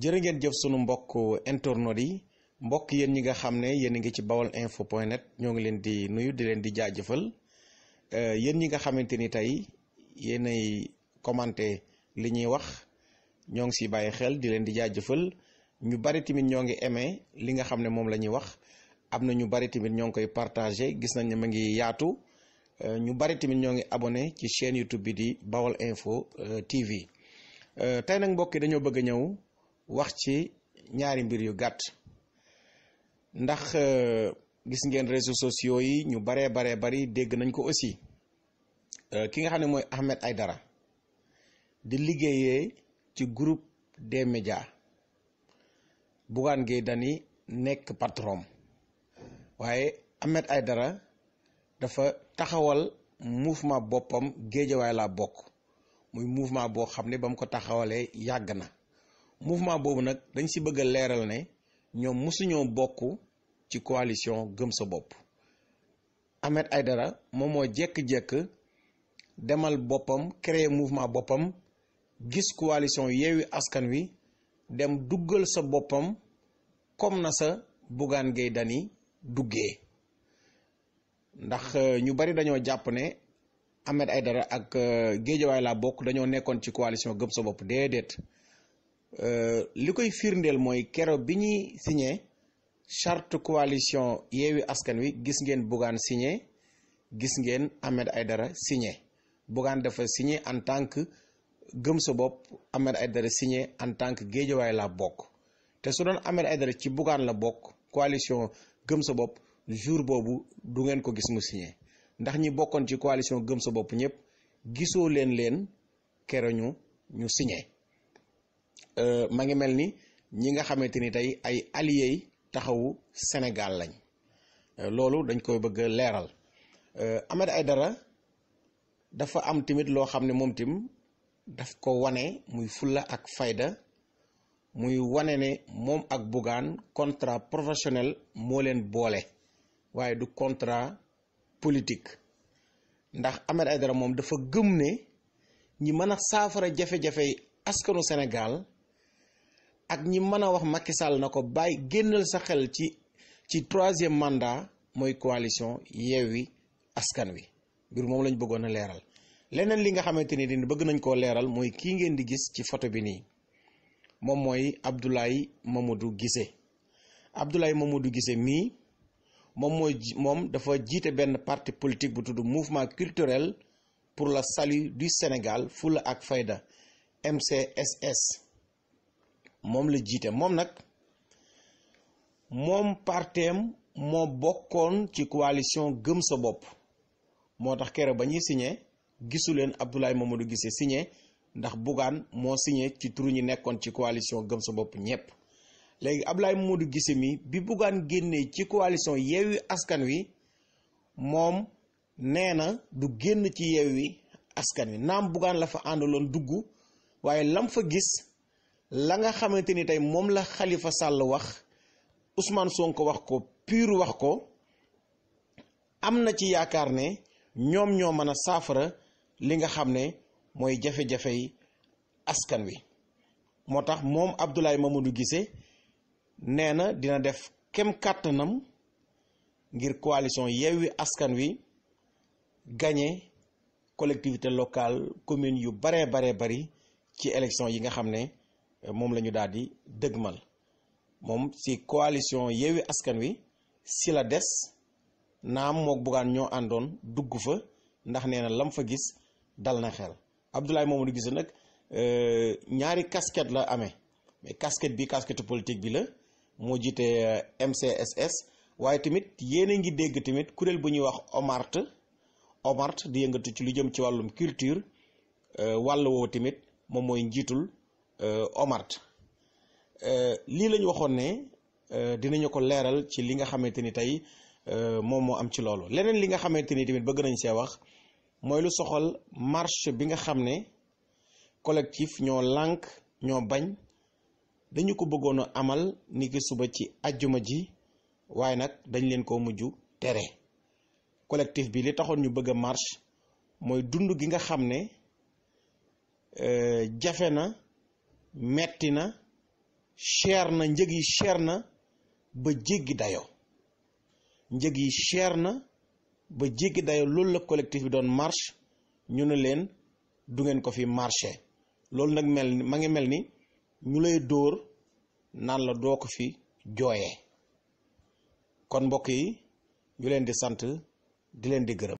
jërë ngeen jëf sunu mbokk internautes yi mbokk yéen ñi nga xam ne yéen a ngi ci bawal info point net ñoo ngi leen di nuyu di leen di jaajëfal euh, yéen ñi nga xamante ni tey yéenay commenté li ñuy wax ñoo ngi siy bàyyi xel di leen di jaajëfal ñu bari tamit ñoo ngi aimé li nga xam ne moom la ñuy wax am na ñu bari tamit ñoo ngi koy partagé gis nañ ne ma ngi yaatu euh, ñu bari tamit ñoo ngi abonné ci chaîne YouTube bi di bawal info euh, TV tey nag mbokki dañoo bëgg a ñëw. wax ci ñaari mbir yu gàtt ndax euh, gis ngeen réseaux sociaux yi ñu baree baree bari dégg nañ ko aussi euh, ki nga xam ne mooy Ahmed Aidara di liggéeyee ci groupe de médias Bougane Gueye dani nekk patron waaye Ahmed Aidara dafa taxawal mouvement boppam géejawaay la bokk muy mouvement boo xam ne ba mu ko taxawalee yàgg na mouvement boobu nag dañ si bëgg leeral ne ñoom mosuñoo bokk ci coalition gëm sa bopp Ahmed Aidara moom moo jékk-jékk demal boppam créer mouvement boppam gis coalition Yewwi Askan Wi dem duggal sa boppam comme na sa Bougane Gueye dani duggee ndax euh, ñu bari dañoo jàpp ne Ahmed Aidara ak euh, Géejawaay laa bokk dañoo nekkoon ci coalition gëm sa bopp déedéet Euh, li koy firndeel mooy kero bi ñuy siñee charte coalition Yewwi Askan Wi gis ngeen Bougane signé gis ngeen Ahmed Aydara signé Bougane dafa signé en tant gëm sa bopp Ahmed Aydara signé en tant que Géejawaay la bokk te su doon Ahmed Aydara ci Bougane la bokk coalition gëm sa bopp jour boobu du ngeen ko gis mu signé ndax ñi bokkoon ci coalition gëm sa bopp ñëpp gisoo leen leen kero ñu ñu signé Euh, ma ngi mel ni ñi nga xamante ni tey ay alliés taxawu Sénégal lañ euh, loolu dañ koy bëgg leeral euh, ay dara dafa am tamit loo xam ne moom tim daf ko wane muy fulla ak fayda muy wane ne moom ak Bougane contra professionnel moo leen boole waaye du contrat politique ndax Ahmed Aidara moom dafa gëm ne ñi mën a saafara jafe-jafe askanu senegaal ak ñi mën a wax Macky na ko bàyyi génnal sa xel ci ci troisième mandat mooy coalition Yewwi Askan Wi mbir moom lañ bëggoon a leeral leneen li nga xamante ni dina bëgg nañ koo leeral mooy kii ngeen di gis ci photo bi nii moom mooy Abdoulaye Mamadou Guissé Abdoulaye Mamadou Guissé mii moom mooy moom dafa jiite benn parti politique bu tudd mouvement culturel pour la salut du Sénégal Fulla ak Fayda MCSS moom la jiite moom nag moom parteem moo bokkoon ci coalition gëm sa bopp moo tax keroog ba ñuy signé gisu leen Abdoulaye Mamadou gisee signé ndax Bougane moo signé ci turu ñi nekkoon ci coalition gëm sa bopp ñépp léegi Abdoulaye Mamadou Guissé mi bi Bougane génnee ci coalition Yewwi Askan Wi moom nee na du génn ci Yewwi Askan Wi naam Bougane la fa àndaloon dugg waaye lam fa gis la nga xamante ni tey moom la xalifa Sall wax Ousmane Sonko wax ko PUR wax ko am na ci yaakaar ne ñoom ñoo mën a saafara li nga xam ne mooy jafe-jafey askan wi moo tax moom Abdoulaye Mamadou Guissé nee na dina def kem kàttanam ngir coalition Yewwi Askan Wi gagné collectivité locale commune yu baree baree bari ci élection yi nga xam ne euh, moom la ñu daal di dëgmal moom si coalition Yewwi Askan Wi si la des naa mook Bougane ñoo àndoon dugg fa ndax nee na lam fa gis dal na xel Abdoulaye Mamadou Guissé nag euh, ñaari casquette la amee mais casquette bi casquette politique bi la moo jiite euh, MCSS waaye tamit yéen a ngi dégg tamit kuréel bu ñuy wax OMART OMART di yëngatu ci lu jëm ci wàllum culture wàll woowu tamit. moom mooy njiitul euh, Omart euh, lii lañu waxoon ne euh, dinañu ko leeral ci li nga xamante ni tey moom moo am ci loolu leneen li nga xamante ni tamit bëgg nañ see wax mooy lu soxal marche bi nga xam ne collectif ñoo lànk ñoo bañ dañu ko bëggoon a amal ni ki suba ci ajjuma ji waaye nag dañ leen koo mujj tere collectif bi li taxoon ñu bëgg a mooy dund gi nga xam ne Euh, jafe na metti na cher na njëg yi cher na ba jéggi dayo njëg yi cher na ba jéggi dayo loolu la collectif bi doon marche ñu ne leen du ngeen ko fi marché loolu nag mel ni ma ngi mel ni ñu lay dóor naan la doo ko fi jooye kon mbokk yi ñu leen di sant di leen di gërëm